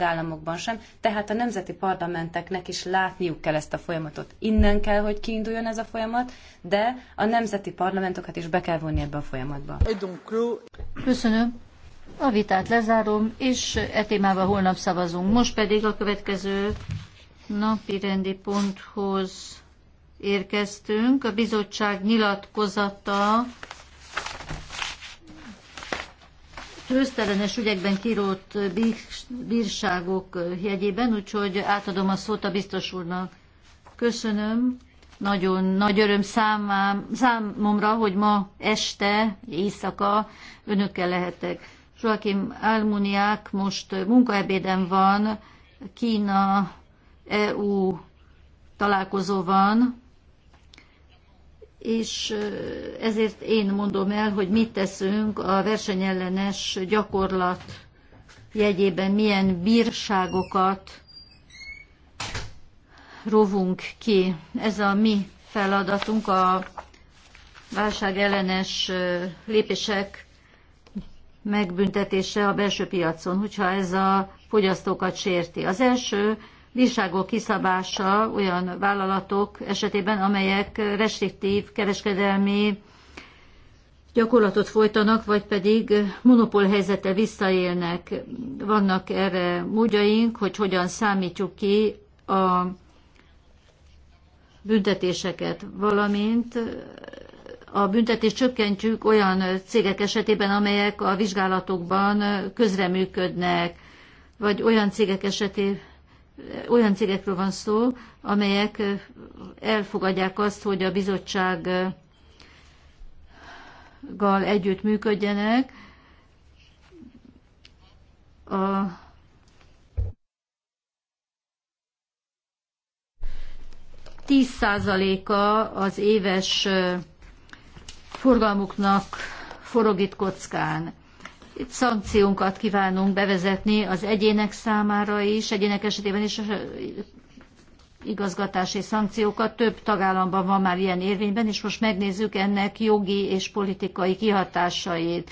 tagállamokban sem, tehát a nemzeti parlamenteknek is látniuk kell ezt a folyamatot. Innen kell, hogy kiinduljon ez a folyamat, de a nemzeti parlamentokat is be kell vonni ebbe a folyamatba. Köszönöm. A vitát lezárom, és e témával holnap szavazunk. Most pedig a következő napi rendi ponthoz érkeztünk. A bizottság nyilatkozata ősztelenes ügyekben kirót bírságok jegyében, úgyhogy átadom a szót a biztos úrnak. Köszönöm. Nagyon nagy öröm számám, számomra, hogy ma este, éjszaka önökkel lehetek. Joachim Almuniák most munkaebéden van, Kína, EU találkozó van, és ezért én mondom el, hogy mit teszünk a versenyellenes gyakorlat jegyében, milyen bírságokat rovunk ki. Ez a mi feladatunk a válságellenes lépések megbüntetése a belső piacon, hogyha ez a fogyasztókat sérti. Az első bírságok kiszabása olyan vállalatok esetében, amelyek restriktív kereskedelmi gyakorlatot folytanak, vagy pedig monopól helyzete visszaélnek. Vannak erre módjaink, hogy hogyan számítjuk ki a büntetéseket, valamint a büntetést csökkentjük olyan cégek esetében, amelyek a vizsgálatokban közreműködnek, vagy olyan cégek esetében, olyan cégekről van szó, amelyek elfogadják azt, hogy a bizottsággal együtt működjenek. A tíz százaléka az éves forgalmuknak forog itt kockán. Itt szankciónkat kívánunk bevezetni az egyének számára is, egyének esetében is igazgatási szankciókat. Több tagállamban van már ilyen érvényben, és most megnézzük ennek jogi és politikai kihatásait.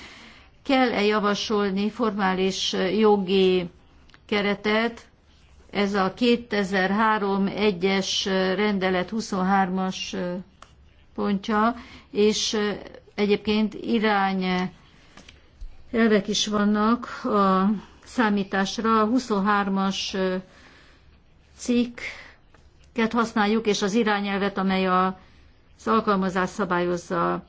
Kell-e javasolni formális jogi keretet? Ez a 2003 es rendelet 23-as pontja, és egyébként irány elvek is vannak a számításra. A 23-as cikket használjuk, és az irányelvet, amely a, az alkalmazás szabályozza.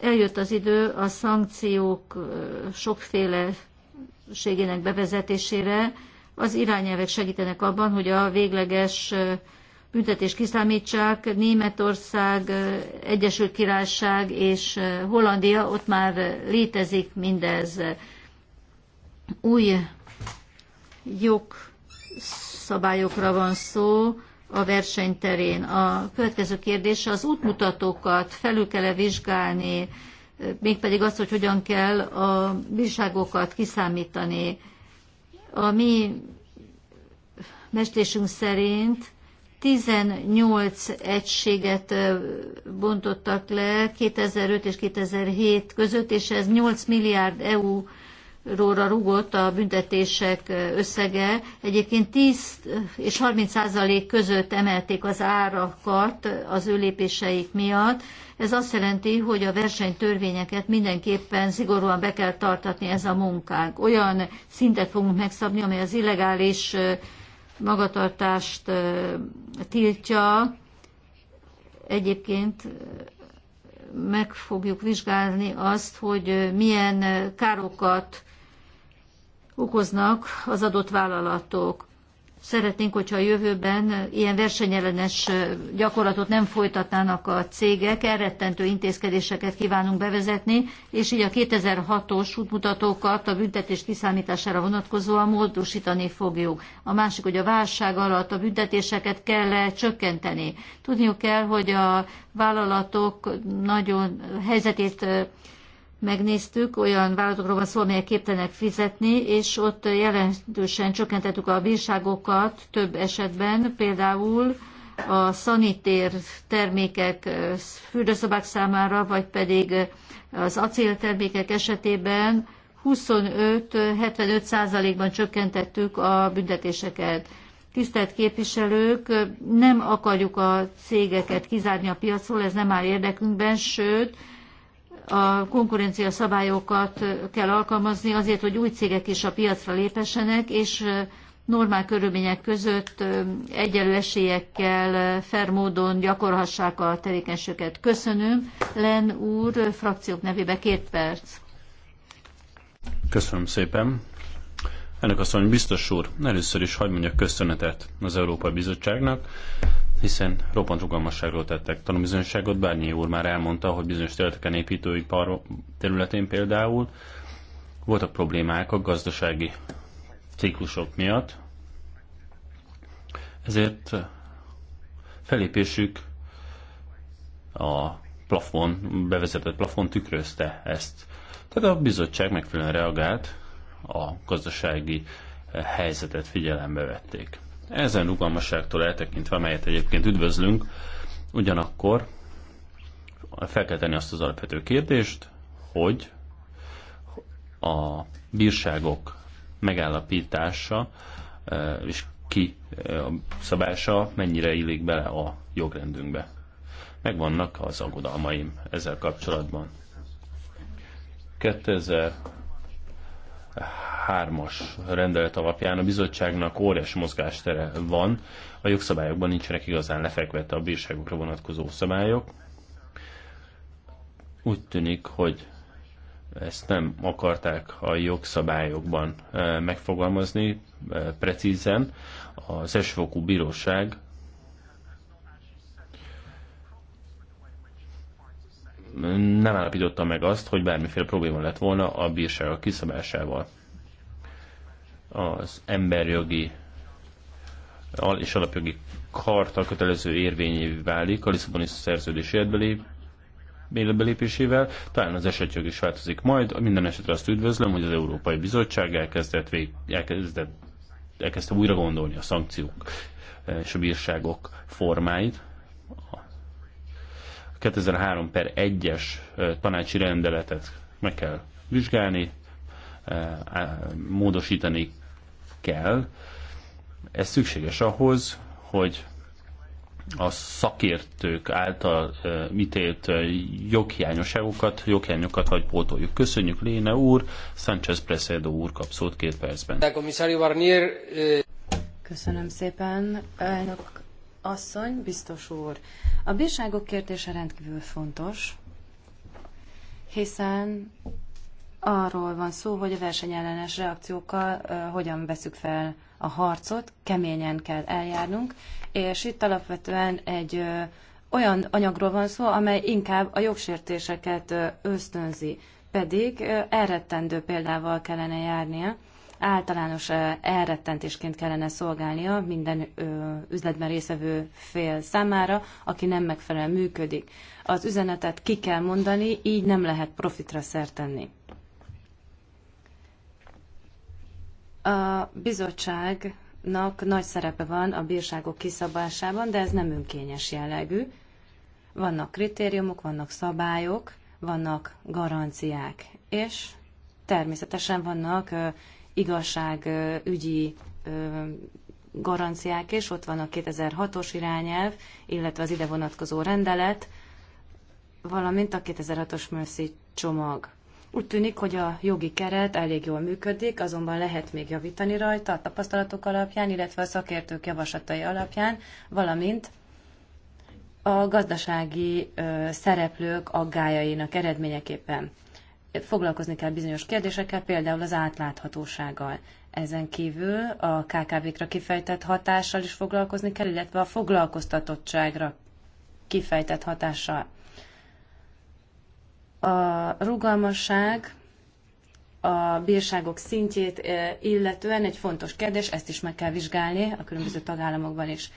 Eljött az idő a szankciók sokféleségének bevezetésére. Az irányelvek segítenek abban, hogy a végleges büntetést kiszámítsák, Németország, Egyesült Királyság és Hollandia, ott már létezik mindez. Új jogszabályokra van szó a versenyterén. A következő kérdés az útmutatókat felül kell -e vizsgálni, mégpedig azt, hogy hogyan kell a bírságokat kiszámítani. A mi mestésünk szerint 18 egységet bontottak le 2005 és 2007 között, és ez 8 milliárd EU euróra rugott a büntetések összege. Egyébként 10 és 30 százalék között emelték az árakat az ő lépéseik miatt. Ez azt jelenti, hogy a versenytörvényeket mindenképpen szigorúan be kell tartatni ez a munkánk. Olyan szintet fogunk megszabni, amely az illegális magatartást tiltja. Egyébként meg fogjuk vizsgálni azt, hogy milyen károkat okoznak az adott vállalatok. Szeretnénk, hogyha a jövőben ilyen versenyellenes gyakorlatot nem folytatnának a cégek, elrettentő intézkedéseket kívánunk bevezetni, és így a 2006-os útmutatókat a büntetés kiszámítására vonatkozóan módosítani fogjuk. A másik, hogy a válság alatt a büntetéseket kell -e csökkenteni. Tudniuk kell, hogy a vállalatok nagyon helyzetét megnéztük, olyan vállalatokról van szó, amelyek képtelenek fizetni, és ott jelentősen csökkentettük a bírságokat több esetben, például a szanitér termékek fürdőszobák számára, vagy pedig az acéltermékek esetében 25-75 százalékban csökkentettük a büntetéseket. Tisztelt képviselők, nem akarjuk a cégeket kizárni a piacról, ez nem áll érdekünkben, sőt, a konkurencia szabályokat kell alkalmazni azért, hogy új cégek is a piacra lépessenek, és normál körülmények között egyenlő esélyekkel fair módon gyakorhassák a tevékenységet. Köszönöm. Len úr, frakciók nevébe két perc. Köszönöm szépen. Ennek asszony, biztos úr, először is hagyd mondjak köszönetet az Európai Bizottságnak, hiszen roppant rugalmasságról tettek tanúbizonyságot. Bárnyi úr már elmondta, hogy bizonyos területeken építőipar területén például voltak problémák a gazdasági ciklusok miatt, ezért felépésük a plafon, bevezetett plafon tükrözte ezt. Tehát a bizottság megfelelően reagált, a gazdasági helyzetet figyelembe vették. Ezen rugalmasságtól eltekintve, amelyet egyébként üdvözlünk, ugyanakkor fel kell tenni azt az alapvető kérdést, hogy a bírságok megállapítása e, és ki e, szabása mennyire illik bele a jogrendünkbe. Megvannak az aggodalmaim ezzel kapcsolatban. 2000 hármas rendelet alapján a bizottságnak óriási mozgástere van, a jogszabályokban nincsenek igazán lefekvette a bírságokra vonatkozó szabályok. Úgy tűnik, hogy ezt nem akarták a jogszabályokban eh, megfogalmazni eh, precízen. Az esfokú bíróság nem állapította meg azt, hogy bármiféle probléma lett volna a a kiszabásával. Az emberjogi és alapjogi karta kötelező érvényévé válik a Lisszaboni szerződés életbe lépésével. Talán az esetjog is változik majd. Minden esetre azt üdvözlöm, hogy az Európai Bizottság elkezdett, vég, elkezdett elkezdte újra gondolni a szankciók eh, és a bírságok formáit, 2003 per 1-es tanácsi rendeletet meg kell vizsgálni, módosítani kell. Ez szükséges ahhoz, hogy a szakértők által ítélt joghiányosságokat, joghiányokat vagy pótoljuk. Köszönjük Léne úr, Sánchez Presedo úr kap szót két percben. Köszönöm szépen, elnök asszony, biztos úr. A bírságok kérdése rendkívül fontos, hiszen arról van szó, hogy a versenyellenes reakciókkal hogyan veszük fel a harcot, keményen kell eljárnunk, és itt alapvetően egy olyan anyagról van szó, amely inkább a jogsértéseket ösztönzi, pedig elrettendő példával kellene járnia, általános elrettentésként kellene szolgálnia minden üzletben részevő fél számára, aki nem megfelelően működik. Az üzenetet ki kell mondani, így nem lehet profitra szertenni. A bizottságnak nagy szerepe van a bírságok kiszabásában, de ez nem önkényes jellegű. Vannak kritériumok, vannak szabályok, vannak garanciák, és természetesen vannak igazságügyi garanciák is, ott van a 2006-os irányelv, illetve az ide vonatkozó rendelet, valamint a 2006-os Mercy csomag. Úgy tűnik, hogy a jogi keret elég jól működik, azonban lehet még javítani rajta a tapasztalatok alapján, illetve a szakértők javaslatai alapján, valamint a gazdasági ö, szereplők aggájainak eredményeképpen foglalkozni kell bizonyos kérdésekkel, például az átláthatósággal. Ezen kívül a KKV-kra kifejtett hatással is foglalkozni kell, illetve a foglalkoztatottságra kifejtett hatással. A rugalmasság a bírságok szintjét e, illetően egy fontos kérdés, ezt is meg kell vizsgálni a különböző tagállamokban is.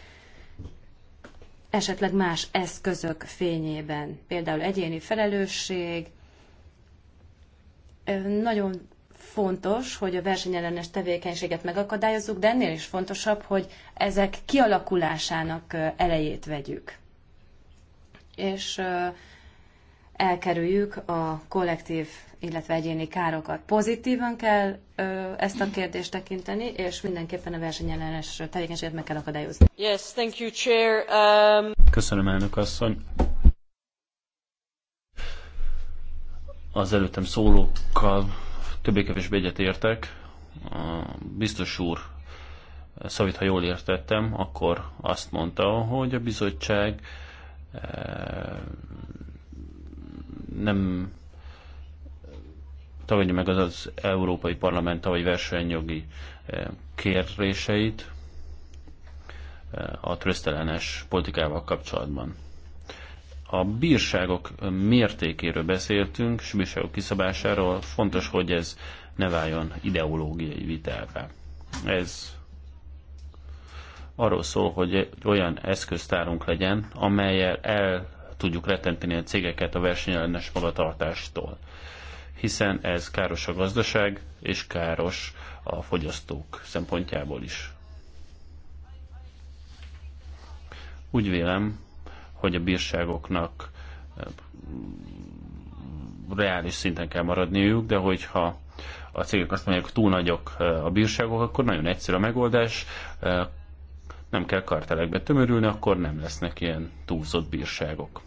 Esetleg más eszközök fényében, például egyéni felelősség, nagyon fontos, hogy a versenyellenes tevékenységet megakadályozzuk, de ennél is fontosabb, hogy ezek kialakulásának elejét vegyük. És elkerüljük a kollektív, illetve egyéni károkat. Pozitívan kell ezt a kérdést tekinteni, és mindenképpen a versenyellenes tevékenységet meg kell akadályozni. Yes, thank you, chair. Um... Köszönöm, elnök asszony. az előttem szólókkal többé-kevésbé egyetértek. Biztos úr, Szavit, ha jól értettem, akkor azt mondta, hogy a bizottság eh, nem tagadja meg az, az Európai Parlament tavalyi versenyjogi eh, kérdéseit eh, a trösztelenes politikával kapcsolatban a bírságok mértékéről beszéltünk, és bírságok kiszabásáról, fontos, hogy ez ne váljon ideológiai vitává. Ez arról szól, hogy egy olyan eszköztárunk legyen, amelyel el tudjuk rettenteni a cégeket a versenyellenes magatartástól. Hiszen ez káros a gazdaság, és káros a fogyasztók szempontjából is. Úgy vélem, hogy a bírságoknak eh, reális szinten kell maradniuk, de hogyha a cégek azt mondják, hogy túl nagyok eh, a bírságok, akkor nagyon egyszerű a megoldás, eh, nem kell kartelekbe tömörülni, akkor nem lesznek ilyen túlzott bírságok.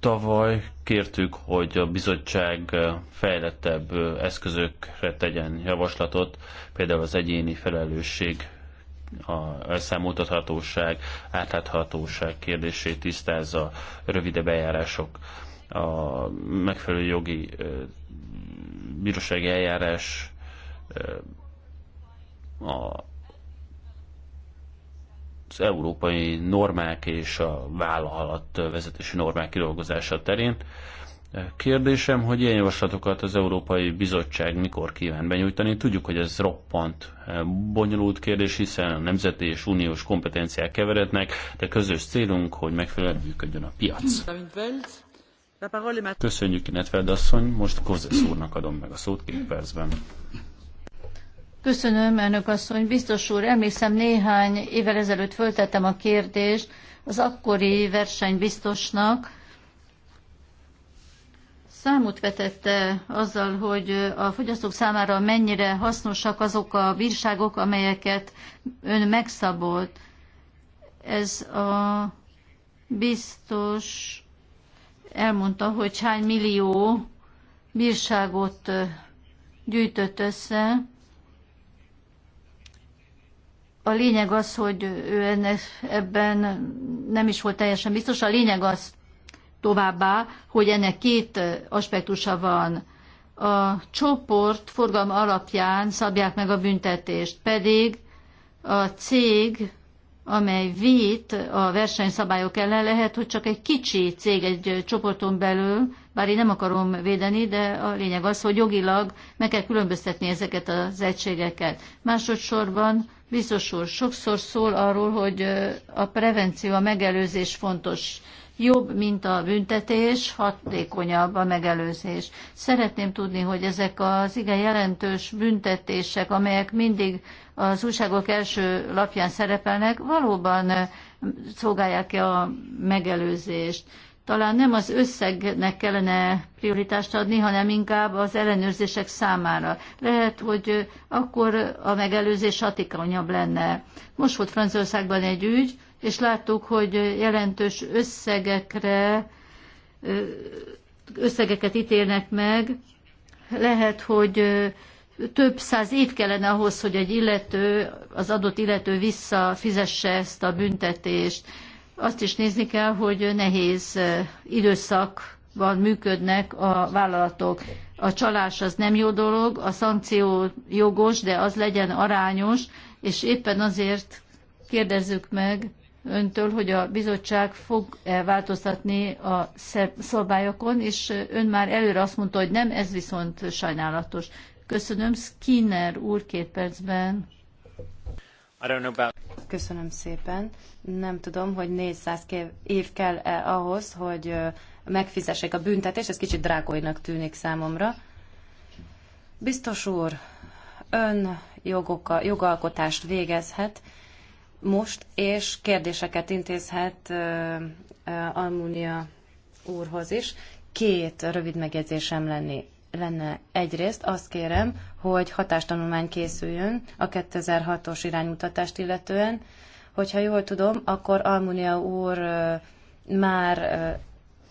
Tavaly kértük, hogy a bizottság fejlettebb eszközökre tegyen javaslatot, például az egyéni felelősség a számoltathatóság, átláthatóság kérdését tisztázza, rövidebb eljárások, a megfelelő jogi bírósági eljárás, a az európai normák és a vállalat vezetési normák kidolgozása terén. Kérdésem, hogy ilyen javaslatokat az Európai Bizottság mikor kíván benyújtani? Tudjuk, hogy ez roppant eh, bonyolult kérdés, hiszen a nemzeti és uniós kompetenciák keverednek, de közös célunk, hogy megfelelően működjön a piac. Köszönjük, Inetveld asszony, most Kozesz úrnak adom meg a szót két percben. Köszönöm, elnök asszony. Biztos úr, emlékszem néhány évvel ezelőtt föltettem a kérdést az akkori versenybiztosnak, számot vetette azzal, hogy a fogyasztók számára mennyire hasznosak azok a bírságok, amelyeket ön megszabott. Ez a biztos elmondta, hogy hány millió bírságot gyűjtött össze. A lényeg az, hogy ő ebben nem is volt teljesen biztos. A lényeg az továbbá, hogy ennek két aspektusa van. A csoport forgalma alapján szabják meg a büntetést, pedig a cég, amely vét a versenyszabályok ellen, lehet, hogy csak egy kicsi cég egy csoporton belül, bár én nem akarom védeni, de a lényeg az, hogy jogilag meg kell különböztetni ezeket az egységeket. Másodszorban Biztos úr, sokszor szól arról, hogy a prevenció, a megelőzés fontos. Jobb, mint a büntetés, hatékonyabb a megelőzés. Szeretném tudni, hogy ezek az igen jelentős büntetések, amelyek mindig az újságok első lapján szerepelnek, valóban szolgálják-e a megelőzést talán nem az összegnek kellene prioritást adni, hanem inkább az ellenőrzések számára. Lehet, hogy akkor a megelőzés hatékonyabb lenne. Most volt Franciaországban egy ügy, és láttuk, hogy jelentős összegekre összegeket ítélnek meg. Lehet, hogy több száz év kellene ahhoz, hogy egy illető, az adott illető visszafizesse ezt a büntetést azt is nézni kell, hogy nehéz időszakban működnek a vállalatok. A csalás az nem jó dolog, a szankció jogos, de az legyen arányos, és éppen azért kérdezzük meg öntől, hogy a bizottság fog-e változtatni a szabályokon, és ön már előre azt mondta, hogy nem, ez viszont sajnálatos. Köszönöm, Skinner úr két percben. Köszönöm szépen. Nem tudom, hogy 400 év kell-e ahhoz, hogy megfizessék a büntetést, ez kicsit drágolynak tűnik számomra. Biztos úr, ön jogoka, jogalkotást végezhet most, és kérdéseket intézhet uh, uh, Almunia úrhoz is. Két rövid megjegyzésem lenni lenne egyrészt azt kérem, hogy hatástanulmány készüljön a 2006-os iránymutatást illetően. Hogyha jól tudom, akkor Almunia úr már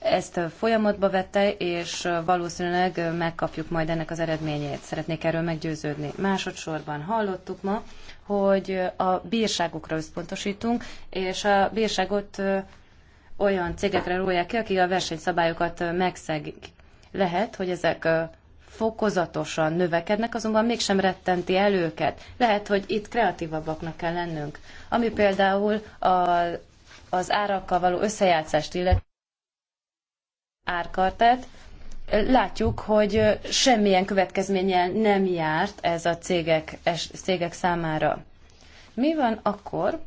ezt folyamatba vette, és valószínűleg megkapjuk majd ennek az eredményét. Szeretnék erről meggyőződni. Másodszorban hallottuk ma, hogy a bírságokra összpontosítunk, és a bírságot olyan cégekre rólják ki, akik a versenyszabályokat megszegik. Lehet, hogy ezek fokozatosan növekednek, azonban mégsem rettenti el őket. Lehet, hogy itt kreatívabbaknak kell lennünk. Ami például a, az árakkal való összejátszást illeti árkartát, látjuk, hogy semmilyen következménnyel nem járt ez a cégek, cégek számára. Mi van akkor,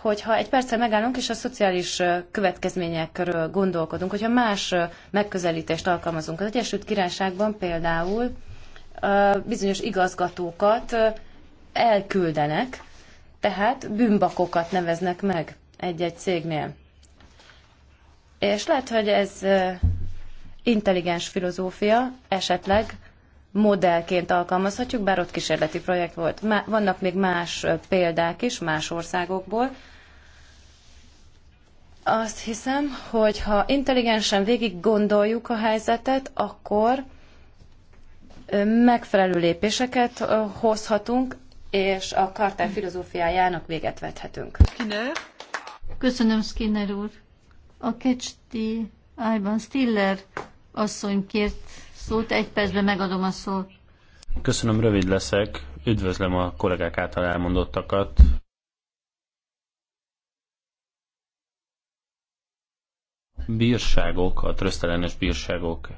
hogyha egy perccel megállunk, és a szociális következményekről gondolkodunk, hogyha más megközelítést alkalmazunk. Az Egyesült Királyságban például bizonyos igazgatókat elküldenek, tehát bűnbakokat neveznek meg egy-egy cégnél. És lehet, hogy ez intelligens filozófia, esetleg modellként alkalmazhatjuk, bár ott kísérleti projekt volt. Má, vannak még más példák is más országokból. Azt hiszem, hogy ha intelligensen végig gondoljuk a helyzetet, akkor megfelelő lépéseket hozhatunk, és a kartár filozófiájának véget vethetünk. Skinner. Köszönöm, Skinner úr. A Kecsti Ájban Stiller asszony kért szót, egy percben megadom a szót. Köszönöm, rövid leszek. Üdvözlöm a kollégák által elmondottakat. Bírságok, a trösztelenes bírságok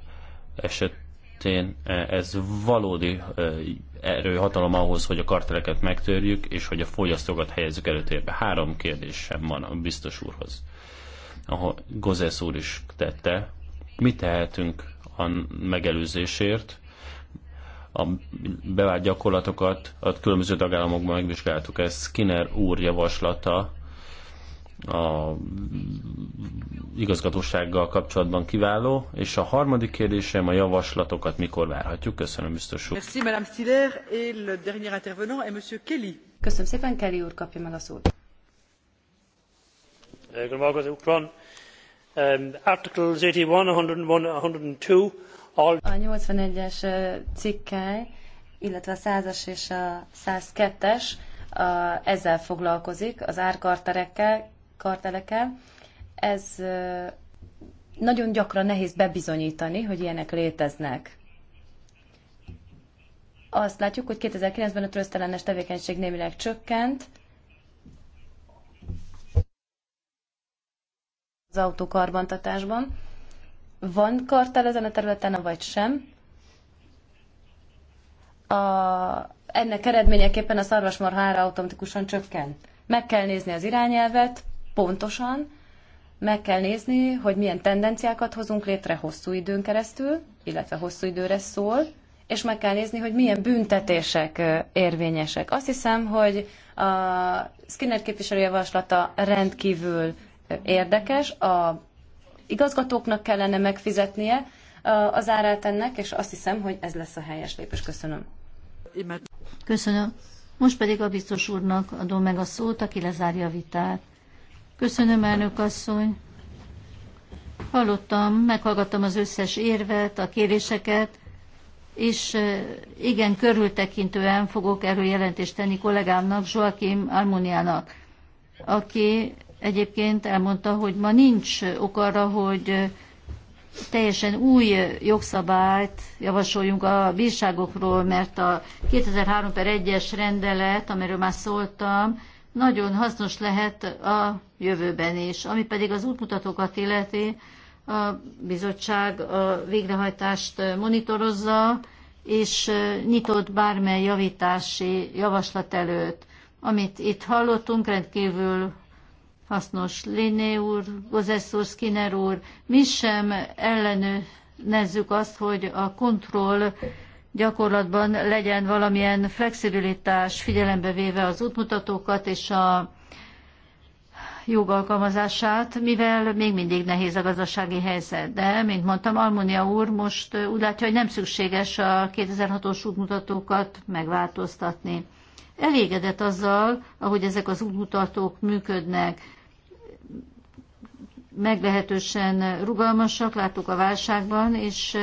esetén eh, ez valódi eh, hatalom ahhoz, hogy a karteleket megtörjük, és hogy a fogyasztókat helyezzük előtérbe. Három kérdésem van a biztos úrhoz. Ahol Gozesz úr is tette, mit tehetünk a megelőzésért. A bevált gyakorlatokat a különböző tagállamokban megvizsgáltuk. Ez Skinner úr javaslata a igazgatósággal kapcsolatban kiváló. És a harmadik kérdésem a javaslatokat mikor várhatjuk? Köszönöm, biztos úr. Merci, Madame Stiller, et le dernier intervenant est Monsieur Kelly. Köszönöm szépen, Kelly úr kapja meg a szót. Um, articles eighty one one hundred and two a eighty one es cikkely illetve a százas és a 102-es ezzel foglalkozik, az árkartelekkel. Kartelekkel. Ez nagyon gyakran nehéz bebizonyítani, hogy ilyenek léteznek. Azt látjuk, hogy 2009-ben a trösztelenes tevékenység némileg csökkent, az autókarbantatásban. Van kartel ezen a területen, vagy sem? A, ennek eredményeképpen a szarvasmarha ára automatikusan csökken. Meg kell nézni az irányelvet, pontosan, meg kell nézni, hogy milyen tendenciákat hozunk létre hosszú időn keresztül, illetve hosszú időre szól, és meg kell nézni, hogy milyen büntetések érvényesek. Azt hiszem, hogy a Skinner képviselője javaslata rendkívül érdekes, a igazgatóknak kellene megfizetnie az árát ennek, és azt hiszem, hogy ez lesz a helyes lépés. Köszönöm. Köszönöm. Most pedig a biztos úrnak adom meg a szót, aki lezárja a vitát. Köszönöm, elnök asszony. Hallottam, meghallgattam az összes érvet, a kéréseket, és igen, körültekintően fogok erről jelentést tenni kollégámnak, Joachim Almuniának, aki egyébként elmondta, hogy ma nincs ok arra, hogy teljesen új jogszabályt javasoljunk a bírságokról, mert a 2003 per 1-es rendelet, amiről már szóltam, nagyon hasznos lehet a jövőben is. Ami pedig az útmutatókat illeti, a bizottság a végrehajtást monitorozza, és nyitott bármely javítási javaslat előtt. Amit itt hallottunk, rendkívül hasznos. Léné úr, Gozesz Skinner úr, mi sem ellenőnezzük azt, hogy a kontroll gyakorlatban legyen valamilyen flexibilitás, figyelembe véve az útmutatókat és a jogalkalmazását, mivel még mindig nehéz a gazdasági helyzet. De, mint mondtam, Almonia úr most úgy látja, hogy nem szükséges a 2006-os útmutatókat megváltoztatni. Elégedett azzal, ahogy ezek az útmutatók működnek meglehetősen rugalmasak, láttuk a válságban, és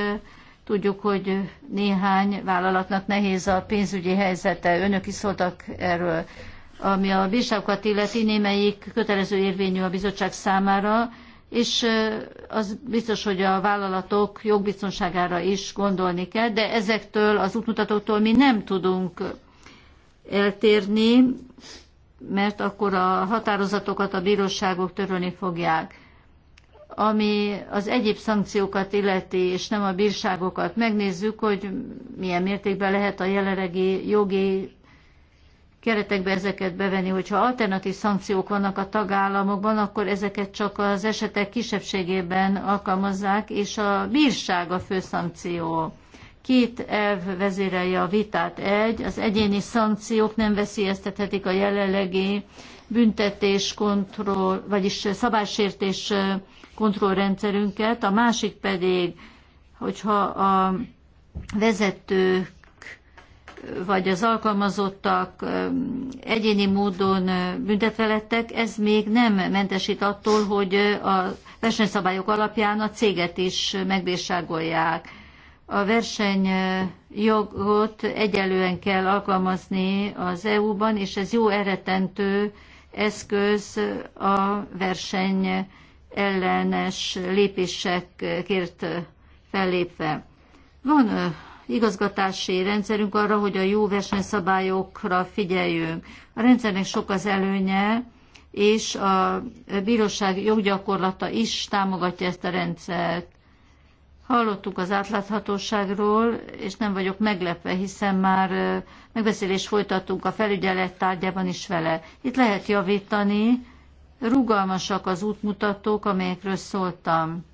tudjuk, hogy néhány vállalatnak nehéz a pénzügyi helyzete. Önök is szóltak erről. Ami a bírságokat illeti, némelyik kötelező érvényű a bizottság számára, és az biztos, hogy a vállalatok jogbiztonságára is gondolni kell, de ezektől az útmutatóktól mi nem tudunk eltérni, mert akkor a határozatokat a bíróságok törölni fogják ami az egyéb szankciókat illeti, és nem a bírságokat. Megnézzük, hogy milyen mértékben lehet a jelenlegi jogi keretekbe ezeket bevenni. Hogyha alternatív szankciók vannak a tagállamokban, akkor ezeket csak az esetek kisebbségében alkalmazzák, és a bírság a fő szankció. Két elv vezérelje a vitát. Egy, az egyéni szankciók nem veszélyeztethetik a jelenlegi büntetés, kontroll, vagyis szabálysértés kontrollrendszerünket, a másik pedig, hogyha a vezetők vagy az alkalmazottak egyéni módon büntetve lettek, ez még nem mentesít attól, hogy a versenyszabályok alapján a céget is megbírságolják. A versenyjogot egyelően kell alkalmazni az EU-ban, és ez jó eretentő eszköz a verseny ellenes lépésekért fellépve. Van igazgatási rendszerünk arra, hogy a jó versenyszabályokra figyeljünk. A rendszernek sok az előnye, és a bíróság joggyakorlata is támogatja ezt a rendszert. Hallottuk az átláthatóságról, és nem vagyok meglepve, hiszen már megbeszélést folytattunk a felügyelet tárgyában is vele. Itt lehet javítani, rugalmasak az útmutatók, amelyekről szóltam.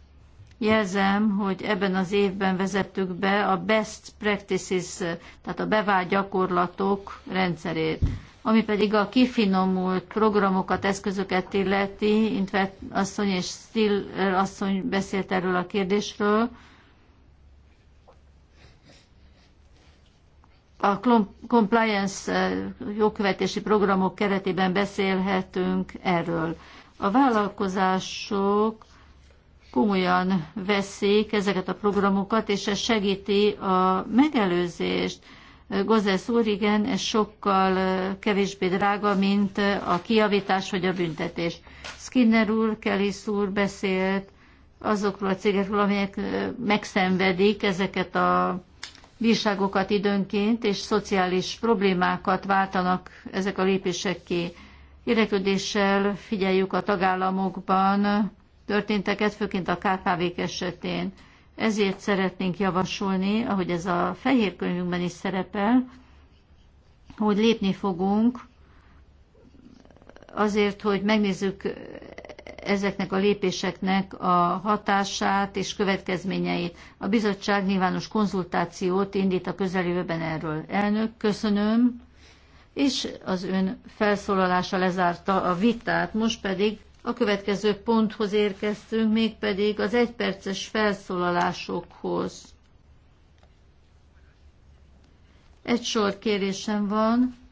Jelzem, hogy ebben az évben vezettük be a best practices, tehát a bevált gyakorlatok rendszerét. Ami pedig a kifinomult programokat, eszközöket illeti, Intvet asszony és Still asszony beszélt erről a kérdésről, a compliance eh, jogkövetési programok keretében beszélhetünk erről. A vállalkozások komolyan veszik ezeket a programokat, és ez segíti a megelőzést. Eh, Gozesz úr, igen, ez sokkal eh, kevésbé drága, mint a kiavítás vagy a büntetés. Skinner úr, Kelly úr beszélt azokról a cégekről, amelyek megszenvedik ezeket a bírságokat időnként, és szociális problémákat váltanak ezek a lépések ki. Érdeklődéssel figyeljük a tagállamokban történteket, főként a KKV-k esetén. Ezért szeretnénk javasolni, ahogy ez a fehér könyvünkben is szerepel, hogy lépni fogunk azért, hogy megnézzük ezeknek a lépéseknek a hatását és következményeit. A bizottság nyilvános konzultációt indít a közeljövőben erről. Elnök, köszönöm, és az ön felszólalása lezárta a vitát, most pedig a következő ponthoz érkeztünk, mégpedig az egyperces felszólalásokhoz. Egy sor kérésem van.